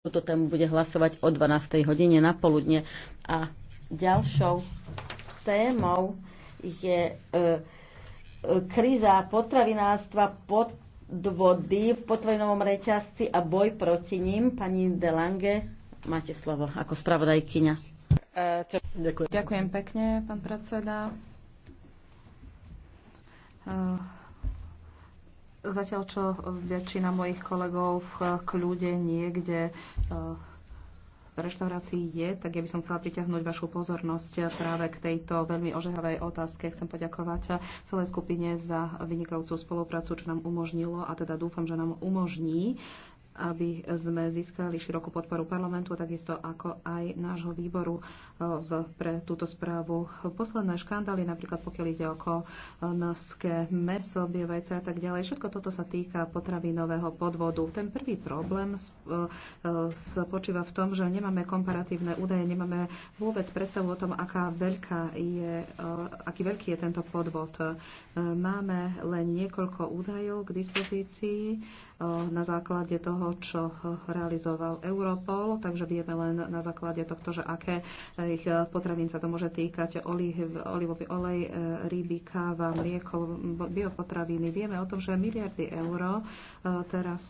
túto tému bude hlasovať o 12. hodine na poludne. A ďalšou témou je e, e, kríza potravinárstva, podvody v potravinovom reťazci a boj proti ním. Pani Delange, máte slovo ako spravodajkyňa. Ďakujem. Ďakujem pekne, pán predseda. E Zatiaľ, čo väčšina mojich kolegov v kľude niekde eh, v reštaurácii je, tak ja by som chcela priťahnuť vašu pozornosť práve k tejto veľmi ožehavej otázke. Chcem poďakovať celej skupine za vynikajúcu spoluprácu, čo nám umožnilo a teda dúfam, že nám umožní aby sme získali širokú podporu parlamentu, takisto ako aj nášho výboru e, v, pre túto správu. Posledné škandály, napríklad pokiaľ ide o konoské meso, bievajce a tak ďalej, všetko toto sa týka potravinového podvodu. Ten prvý problém e, e, spočíva v tom, že nemáme komparatívne údaje, nemáme vôbec predstavu o tom, aká veľká je, aký veľký je tento podvod. Máme len niekoľko údajov k dispozícii Eh, na základe toho, čo realizoval Europol, takže vieme len na základe tohto, že aké eh, ich eh, potravín sa to môže týkať, olivový olej, ryby, káva, mlieko, biopotraviny. Vieme o tom, že miliardy eur teraz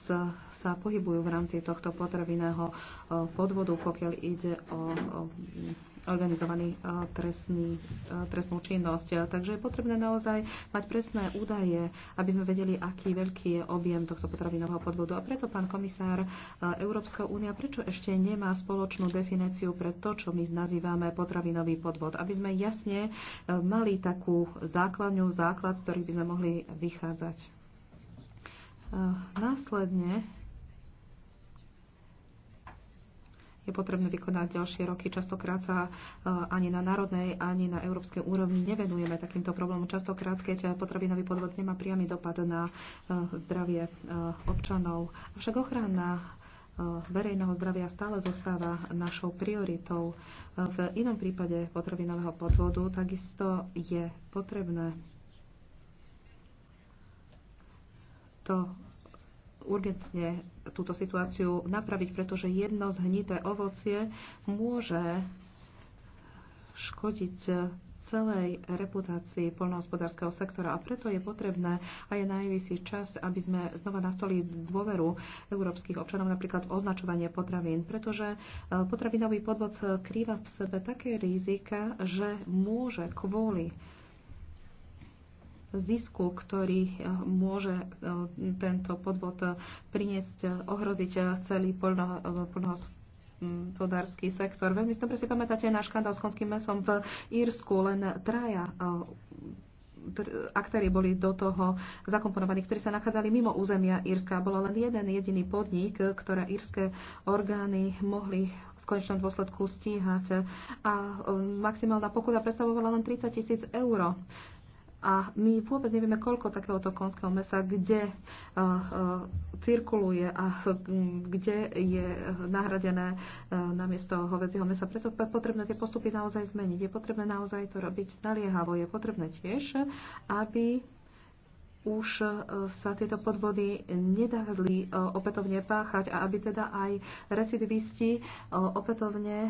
sa pohybujú v rámci tohto potravinného podvodu, pokiaľ ide o organizovaný e, trestný, e, trestnú činnosť. E, takže je potrebné naozaj mať presné údaje, aby sme vedeli, aký veľký je objem tohto potravinového podvodu. A preto, pán komisár, Európska únia prečo ešte nemá spoločnú definíciu pre to, čo my nazývame potravinový podvod? Aby sme jasne mali takú základňu, základ, z ktorých by sme mohli vychádzať. Následne je potrebné vykonať ďalšie roky. Častokrát sa eh, ani na národnej, ani na európskej úrovni nevenujeme takýmto problémom. Častokrát, keď potravinový podvod nemá priamy dopad na eh, zdravie eh, občanov. Však ochrana verejného zdravia stále zostáva našou prioritou. V inom prípade potravinového podvodu takisto je potrebné to urgentne túto situáciu napraviť, pretože jedno zhnité ovocie môže škodiť celej reputácii poľnohospodárskeho sektora a preto je potrebné a je najvyšší čas, aby sme znova nastali dôveru európskych občanov napríklad označovanie potravín, pretože e, potravinový podvod krýva v sebe také rizika, že môže kvôli zisku, ktorý eh, môže eh, tento podvod eh, priniesť, ohroziť celý poľnohospodársky sektor. Veľmi dobre si pamätáte na škandál s konským mesom v Írsku, len traja aktéry boli do toho zakomponovaní, ktorí sa nachádzali mimo územia Írska. Bolo len jeden jediný podnik, ktoré írske orgány mohli v konečnom dôsledku stíhať. A maximálna pokuta predstavovala len 30 tisíc eur. A my vôbec nevieme, koľko takéhoto konského mesa, kde uh, uh, cirkuluje a uh, kde je nahradené eh, namiesto hovedzieho mesa. Preto je potrebné tie postupy naozaj zmeniť. Je potrebné naozaj to robiť naliehavo. Je potrebné tiež, aby už sa tieto podvody nedali opätovne páchať a aby teda aj recidivisti opätovne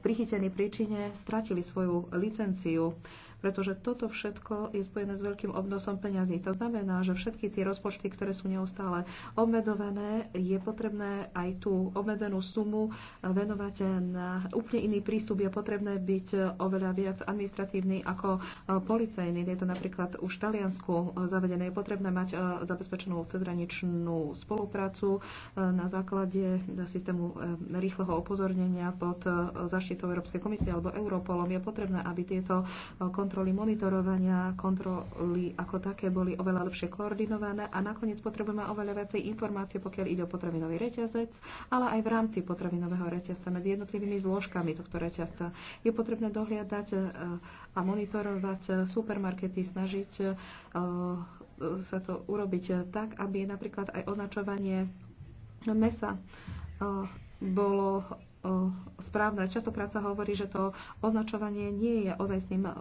prichytení príčine stratili svoju licenciu pretože toto všetko je spojené s veľkým obnosom peňazí. To znamená, že všetky tie rozpočty, ktoré sú neustále obmedzované, je potrebné aj tú obmedzenú sumu eh, venovať na úplne iný prístup. Je potrebné byť eh, oveľa viac administratívny ako eh, policajný. Je to napríklad už v Taliansku zavedené. Je potrebné mať zabezpečenú cezhraničnú spoluprácu na základe systému rýchleho upozornenia pod zaštitou Európskej komisie alebo Europolom. Je potrebné, aby tieto kontroly kontroly monitorovania, kontroly ako také boli oveľa lepšie koordinované a nakoniec potrebujeme oveľa viacej informácie, pokiaľ ide o potravinový reťazec, ale aj v rámci potravinového reťazca medzi jednotlivými zložkami tohto reťazca. Je potrebné dohliadať e, a monitorovať e, supermarkety, snažiť e, sa to urobiť tak, aby napríklad aj označovanie mesa bolo správne. Častokrát sa hovorí, že to označovanie nie je ozajstným um,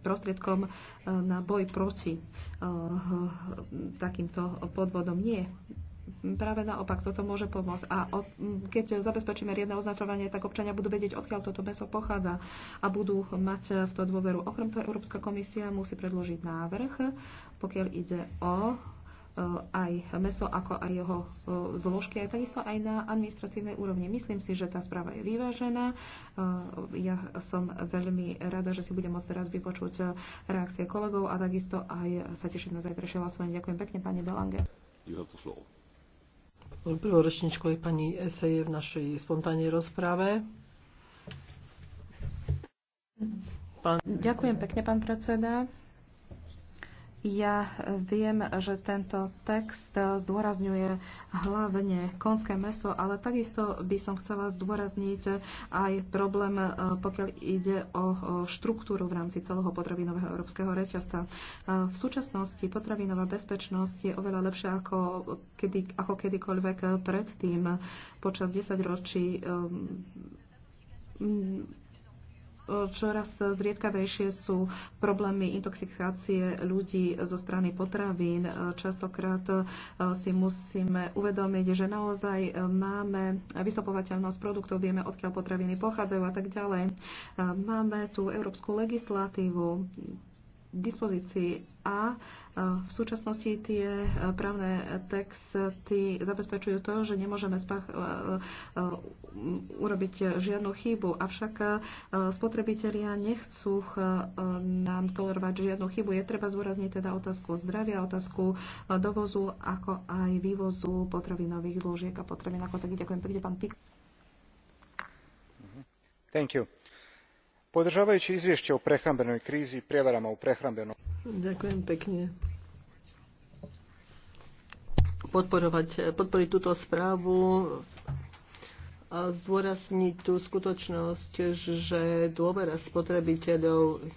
prostriedkom um, na boj proti uh, takýmto podvodom. Nie práve naopak, toto môže pomôcť. A keď zabezpečíme riadne označovanie, tak občania budú vedieť, odkiaľ toto meso pochádza a budú mať v to dôveru. Okrem toho Európska komisia musí predložiť návrh, pokiaľ ide o Eh, aj meso, ako aj jeho eh, zložky, aj takisto aj na administratívnej úrovni. Myslím si, že tá správa je vyvážená. Eh, ja som veľmi rada, že si budem môcť teraz vypočuť reakcie kolegov a takisto aj sa teším na zajtrajšie hlasovanie. Ďakujem pekne, pani Belange. Prvou ročničkou je pani Eseje v našej spontánnej rozprave. Pán... Ďakujem pekne, pán predseda. Ja viem, že tento text zdôrazňuje hlavne konské meso, ale takisto by som chcela zdôrazniť aj problém, e, pokiaľ ide o štruktúru v rámci celého potravinového európskeho reťazca. E, v súčasnosti potravinová bezpečnosť je oveľa lepšia ako, kedy, ako kedykoľvek predtým počas 10 ročí čoraz zriedkavejšie sú problémy intoxikácie ľudí zo strany potravín. Častokrát e, si musíme uvedomiť, že naozaj e, máme vysopovateľnosť produktov, vieme, odkiaľ potraviny pochádzajú a tak ďalej. E, máme tú európsku legislatívu, dispozícii a e, v súčasnosti tie e, právne texty zabezpečujú to, že nemôžeme spach, e, urobiť žiadnu chybu. Avšak spotrebitelia nechcú nám tolerovať žiadnu chybu. Je treba zúrazniť teda otázku zdravia, otázku dovozu, ako aj vývozu potravinových zložiek a potravín ako tak Ďakujem Príde pán Pik. Thank you podržavajući izvješće o prehrambenoj krizi i prijevarama u prehrambenom Ďakujem pekne. Podporovať, podporiť túto správu a zdôrazniť tú skutočnosť, že dôvera spotrebiteľov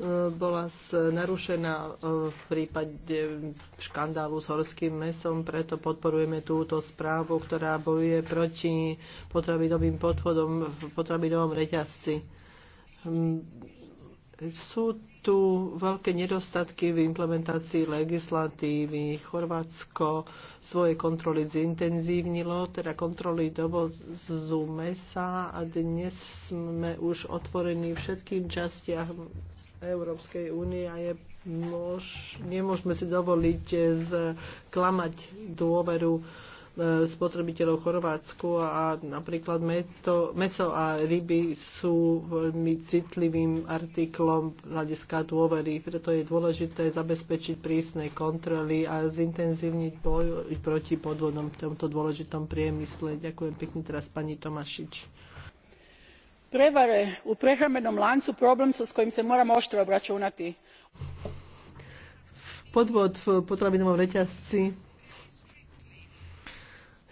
E, bola narušená e, v prípade škandálu s horským mesom, preto podporujeme túto správu, ktorá bojuje proti potravinovým podvodom v potravinovom reťazci. Hm, sú tu veľké nedostatky v implementácii legislatívy. Chorvátsko svoje kontroly zintenzívnilo, teda kontroly dovozu mesa a dnes sme už otvorení všetkým častiach Európskej únie a je môž, nemôžeme si dovoliť zklamať eh, dôveru eh, spotrebiteľov Chorvátsku a napríklad meto, meso a ryby sú veľmi citlivým artiklom z hľadiska dôvery, preto je dôležité zabezpečiť prísne kontroly a zintenzívniť boj proti podvodom v tomto dôležitom priemysle. Ďakujem pekne teraz pani Tomašič prevare u prehrambenom lancu problem su s kojim se moramo otro obraunati. podvod v potravinovom reťazci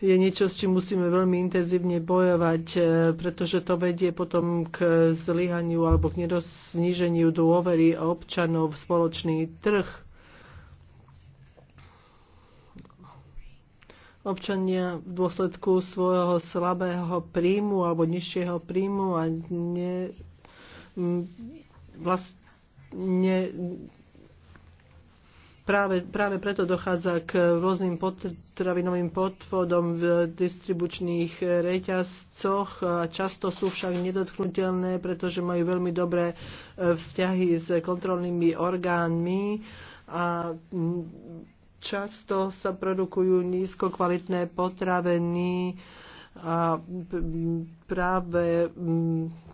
je niečo, s čím musíme veľmi intenzívne bojovať, e, pretože to vedie potom k zlyhaniu alebo k zníženiu dôvery občanov v spoločný trh občania v dôsledku svojho slabého príjmu alebo nižšieho príjmu a ne, vlastne práve, práve preto dochádza k rôznym potravinovým podvodom v distribučných reťazcoch. A často sú však nedotknutelné, pretože majú veľmi dobré e, vzťahy s kontrolnými orgánmi a často sa produkujú nízkokvalitné potraviny a práve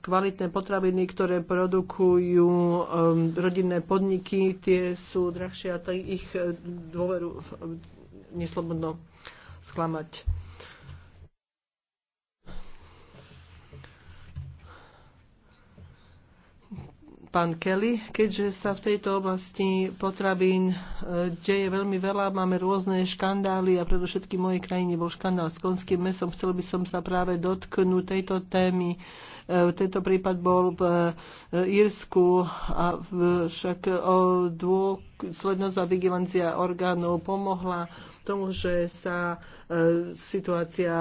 kvalitné potraviny, ktoré produkujú rodinné podniky, tie sú drahšie a ich e, dôveru neslobodno sklamať. pán Kelly, keďže sa v tejto oblasti potravín e, deje veľmi veľa, máme rôzne škandály a predovšetkým v mojej krajine bol škandál s konským mesom. Chcel by som sa práve dotknúť tejto témy. E, tento prípad bol v e, Írsku a však o dôslednosť a vigilancia orgánov pomohla tomu, že sa situácia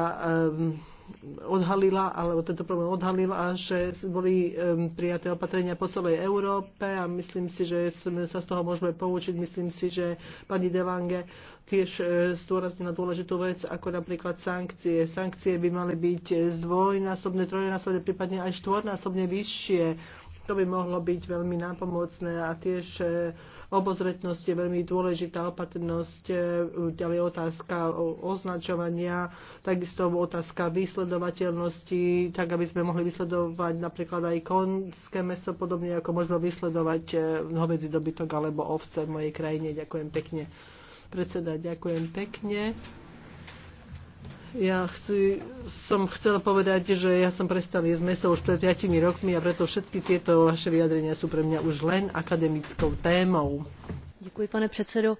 odhalila, alebo tento problém odhalila, že boli prijaté opatrenia po celej Európe a myslím si, že sme sa z toho môžeme poučiť. Myslím si, že pani Delange tiež e, zdôraznila dôležitú vec, ako napríklad sankcie. Sankcie by mali byť e, zdvojnásobne, trojnásobne, prípadne aj štvornásobne vyššie to by mohlo byť veľmi nápomocné a tiež e, obozretnosť je veľmi dôležitá, opatrnosť, e, ďalej otázka označovania, takisto otázka vysledovateľnosti, tak aby sme mohli vysledovať napríklad aj konské meso, podobne ako možno vysledovať e, hovedzi dobytok alebo ovce v mojej krajine. Ďakujem pekne. Predseda, ďakujem pekne. Ja chci, som chcela povedať, že ja som prestal jesť meso už pred 5 rokmi a preto všetky tieto vaše vyjadrenia sú pre mňa už len akademickou témou. Ďakujem, pane predsedo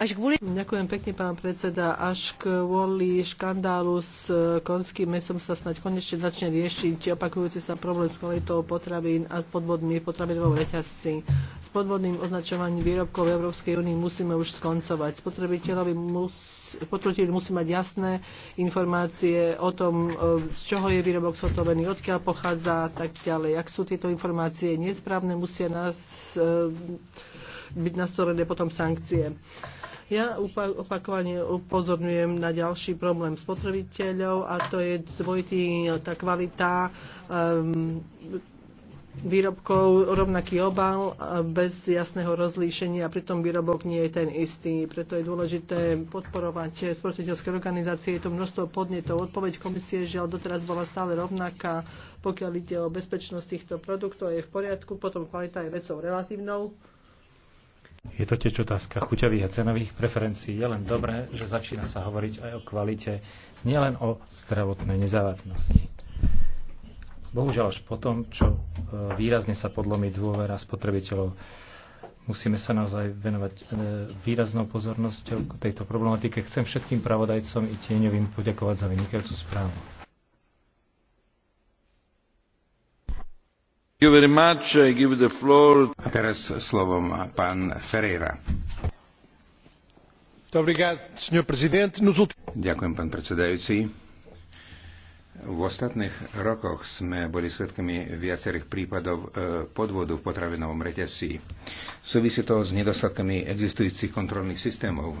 až kvôli... Ďakujem pekne, pán predseda. Až kvôli škandálu s e, konským mesom sa snáď konečne začne riešiť opakujúci sa problém s kvalitou potravín a podvodmi v potravinovom reťazci. S podvodným označovaním výrobkov v Európskej únii musíme už skoncovať. Spotrebiteľovi musí musí mať jasné informácie o tom, e, z čoho je výrobok zhotovený, odkiaľ pochádza a tak ďalej. Ak sú tieto informácie nesprávne, musia nás e, byť nastolené potom sankcie. Ja opakovane upozorňujem na ďalší problém spotrebiteľov a to je dvojitý, tá kvalita um, výrobkov rovnaký obal e, bez jasného rozlíšenia, pritom výrobok nie je ten istý. Preto je dôležité podporovať spotrebiteľské organizácie. Je to množstvo podnetov. Odpoveď komisie že doteraz bola stále rovnaká, pokiaľ ide o bezpečnosť týchto produktov je v poriadku, potom kvalita je vecou relatívnou je to tiež otázka chuťových a cenových preferencií. Je len dobré, že začína sa hovoriť aj o kvalite, nielen o zdravotnej nezávadnosti. Bohužiaľ až po tom, čo e, výrazne sa podlomí dôvera spotrebiteľov, musíme sa naozaj venovať e, výraznou pozornosťou k tejto problematike. Chcem všetkým pravodajcom i tieňovým poďakovať za vynikajúcu správu. A teraz slovo má pán Ferreira. Ďakujem, pán predsedajúci. V ostatných rokoch sme boli svetkami viacerých prípadov e, podvodu v potravinovom reťazci. Súvisí to s nedostatkami existujúcich kontrolných systémov.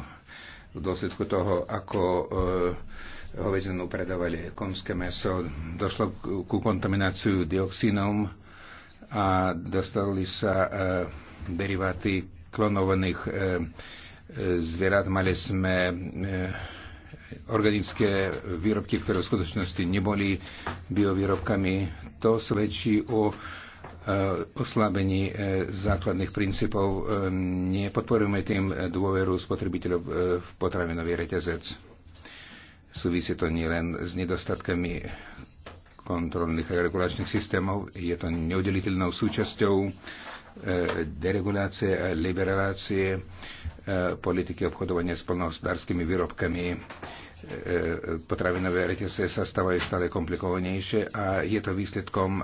V dôsledku toho, ako e, hovedzenú predávali konské meso, došlo ku kontamináciu dioxínom, a dostali sa e, deriváty klonovaných e, e, zvierat. Mali sme organické výrobky, ktoré v skutočnosti neboli biovýrobkami. To svedčí o oslabení základných princípov. Nepodporujeme tým dôveru spotrebiteľov v potravinový reťazec. Súvisí to nielen s nedostatkami kontrolných a regulačných systémov. Je to neoddeliteľnou súčasťou e, deregulácie a liberácie e, politiky obchodovania s plnohospodárskymi výrobkami. E, potravinové reťazce sa stávajú stále komplikovanejšie a je to výsledkom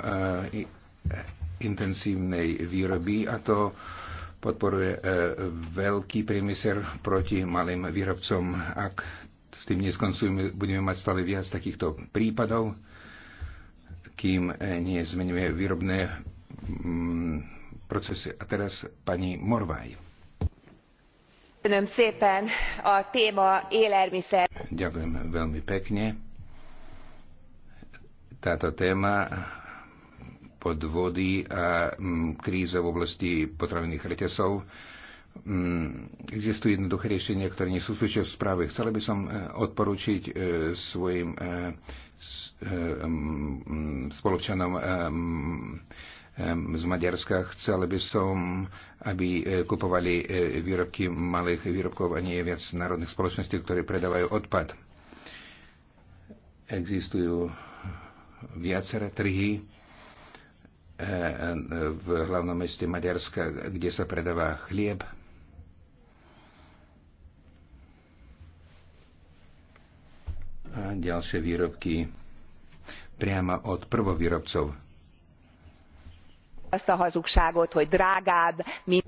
intenzívnej výroby a to podporuje veľký priemysel proti malým výrobcom. Ak s tým neskoncujeme, budeme mať stále viac takýchto prípadov kým eh, nezmenuje výrobné mm, procesy. A teraz pani Morvaj. Ďakujem veľmi pekne. Táto téma podvody a mm, kríza v oblasti potravinných reťazov mm, existujú jednoduché riešenia, ktoré nie sú súčasť správy. Chcela by som eh, odporučiť eh, svojim Eh, spoločanom eh, eh, z Maďarska. Chcel by som, aby kupovali výrobky malých výrobkov a nie viac národných spoločností, ktoré predávajú odpad. Existujú viaceré trhy v hlavnom meste Maďarska, kde sa predáva chlieb, ďalšie výrobky priamo od prvovýrobcov.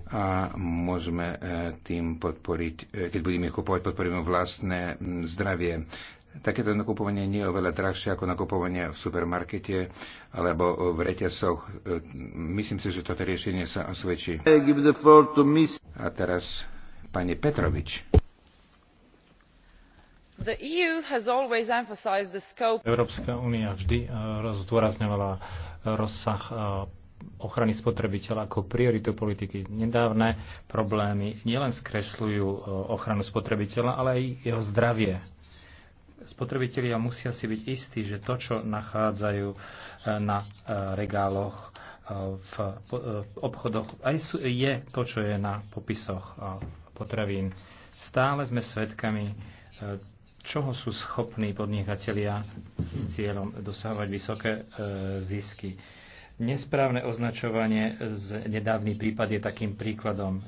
A môžeme e, tým podporiť, e, keď budeme kupovať, podporíme vlastné zdravie. Takéto nakupovanie nie je oveľa drahšie ako nakupovanie v supermarkete alebo v reťasoch. E, myslím si, že toto riešenie sa osvedčí. A teraz pani Petrovič. E Európska únia vždy e, zdôrazňovala e, rozsah ochrany spotrebiteľa ako prioritu politiky. Nedávne problémy nielen skresľujú ochranu spotrebiteľa, ale aj jeho zdravie. Spotrebitelia musia si byť istí, že to, čo nachádzajú na regáloch v obchodoch, aj sú, je to, čo je na popisoch potravín. Stále sme svedkami čoho sú schopní podnikatelia s cieľom dosahovať vysoké e, zisky. Nesprávne označovanie z nedávny prípad je takým príkladom.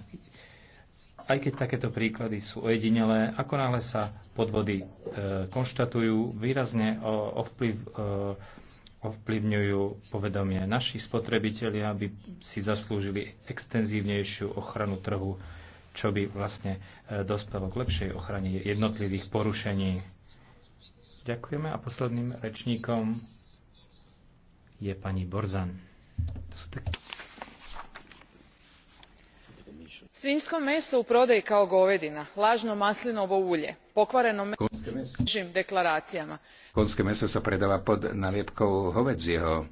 Aj keď takéto príklady sú ojedinelé, ako náhle sa podvody e, konštatujú, výrazne o, ovplyv, e, ovplyvňujú povedomie. Naši spotrebitelia by si zaslúžili extenzívnejšiu ochranu trhu čo by vlastne e, dospelo k lepšej ochrane jednotlivých porušení. Ďakujeme a posledným rečníkom je pani Borzan. To Svinjsko meso u prodaji kao govedina, lažno maslinovo ulje, pokvareno meso u deklaracijama. Konské meso sa predáva pod naliepkou hovedzieho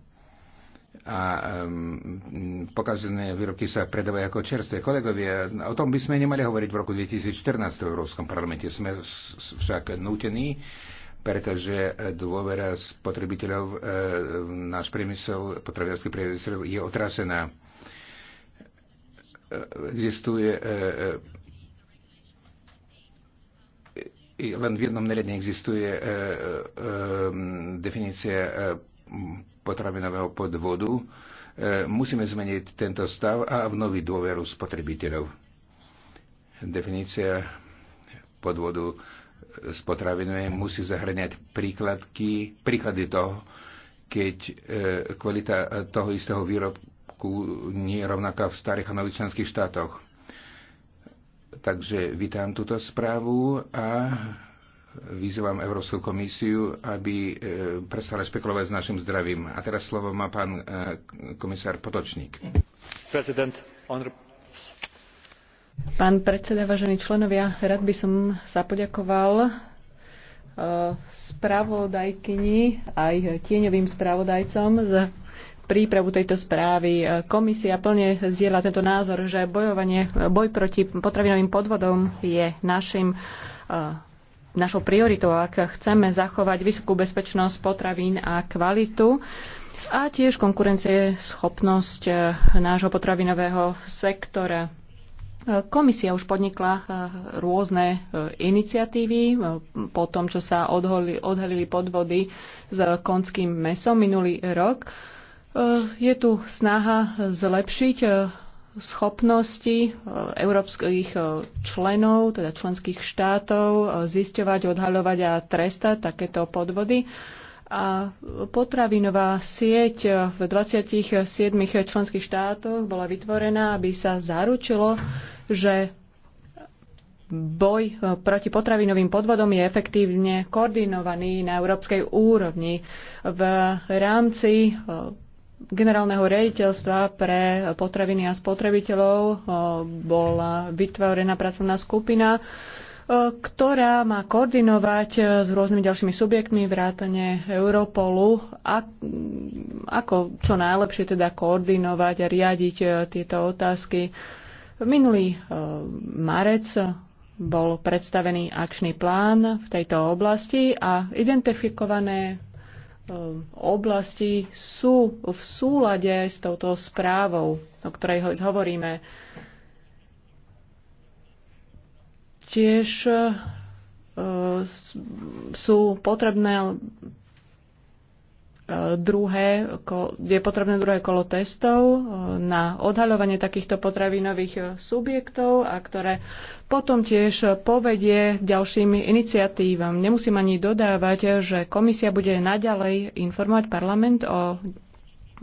a um, pokazené výrobky sa predávajú ako čerstvé. Kolegovia, o tom by sme nemali hovoriť v roku 2014 v Európskom parlamente. Sme však nútení, pretože dôvera spotrebiteľov e, náš priemysel, potravinársky priemysel je otrasená. Existuje e, e, len v jednom nariadení existuje e, e, e definícia e, potravinového podvodu, e, musíme zmeniť tento stav a obnoviť dôveru spotrebiteľov. Definícia podvodu s potravinami musí zahrňať príkladky, príklady toho, keď e, kvalita toho istého výrobku nie je rovnaká v starých a nových členských štátoch. Takže vítam túto správu a vyzývam Európsku komisiu, aby e, prestala špekulovať s našim zdravím. A teraz slovo má pán e, komisár Potočník. Pán predseda, vážení členovia, rád by som sa poďakoval e, spravodajkyni aj tieňovým spravodajcom za prípravu tejto správy. Komisia plne zdieľa tento názor, že bojovanie, boj proti potravinovým podvodom je našim našou prioritou, ak chceme zachovať vysokú bezpečnosť potravín a kvalitu a tiež konkurencieschopnosť eh, nášho potravinového sektora. Komisia už podnikla eh, rôzne eh, iniciatívy po tom, čo sa odhalili podvody s konským mesom minulý rok. Je tu snaha zlepšiť schopnosti eh, európskych eh, členov, teda členských štátov, eh, zisťovať, odhaľovať a trestať takéto podvody. A potravinová sieť v 27 členských štátoch bola vytvorená, aby sa zaručilo, že boj proti potravinovým podvodom je efektívne koordinovaný na európskej úrovni. V rámci generálneho rejiteľstva pre potraviny a spotrebiteľov eh, bola vytvorená pracovná skupina, eh, ktorá má koordinovať eh, s rôznymi ďalšími subjektmi vrátane Europolu, a, mm, ako čo najlepšie teda koordinovať a riadiť tieto otázky. Minulý marec bol predstavený akčný plán v tejto oblasti a identifikované Ehm, oblasti sú v súlade s touto správou, o ktorej hovoríme. Tiež ehm, sú potrebné druhé, je potrebné druhé kolo testov e, na odhaľovanie takýchto potravinových e, subjektov a ktoré potom tiež povedie ďalším iniciatívam. Nemusím ani dodávať, že komisia bude naďalej informovať parlament o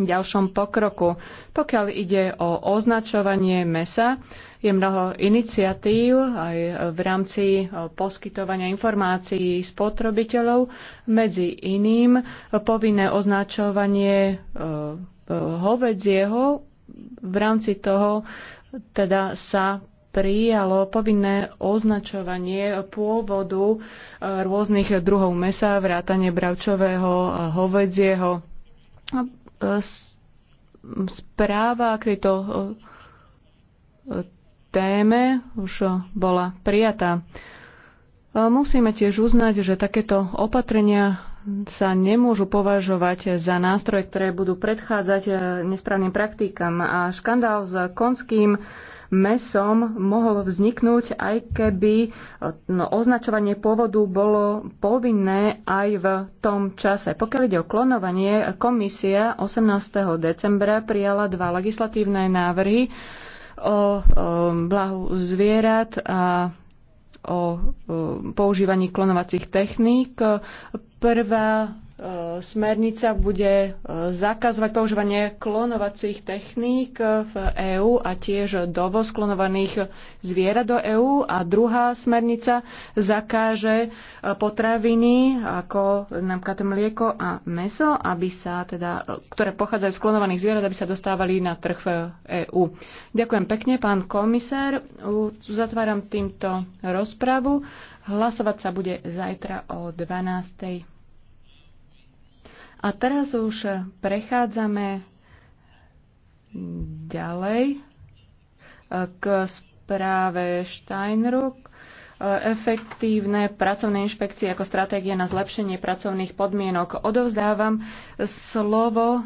ďalšom pokroku. Pokiaľ ide o označovanie mesa, je mnoho iniciatív aj v rámci e, poskytovania informácií spotrebiteľov, medzi iným povinné označovanie e, e, hovedzieho. V rámci toho teda sa prijalo povinné označovanie pôvodu rôznych druhov mesa, vrátane bravčového, hovedzieho správa k tejto e, téme už bola prijatá. E, musíme tiež uznať, že takéto opatrenia sa nemôžu považovať za nástroje, ktoré budú predchádzať e, nesprávnym praktikám. A škandál s konským mesom mohol vzniknúť, aj keby eh, no, označovanie pôvodu bolo povinné aj v tom čase. Pokiaľ ide o klonovanie, komisia 18. decembra prijala dva legislatívne návrhy o, o eh, blahu zvierat a o, o eh, používaní klonovacích techník. Prvá E, smernica bude e, zakazovať používanie klonovacích techník v EÚ a tiež dovoz klonovaných zvierat do EÚ a druhá smernica zakáže e, potraviny ako napríklad mlieko a meso, aby sa teda, ktoré pochádzajú z klonovaných zvierat, aby sa dostávali na trh v EÚ. Ďakujem pekne, pán komisár. Zatváram týmto rozpravu. Hlasovať sa bude zajtra o 12. A teraz už prechádzame ďalej e, k správe Steinruck. E, efektívne pracovné inšpekcie ako stratégie na zlepšenie pracovných podmienok. Odovzdávam slovo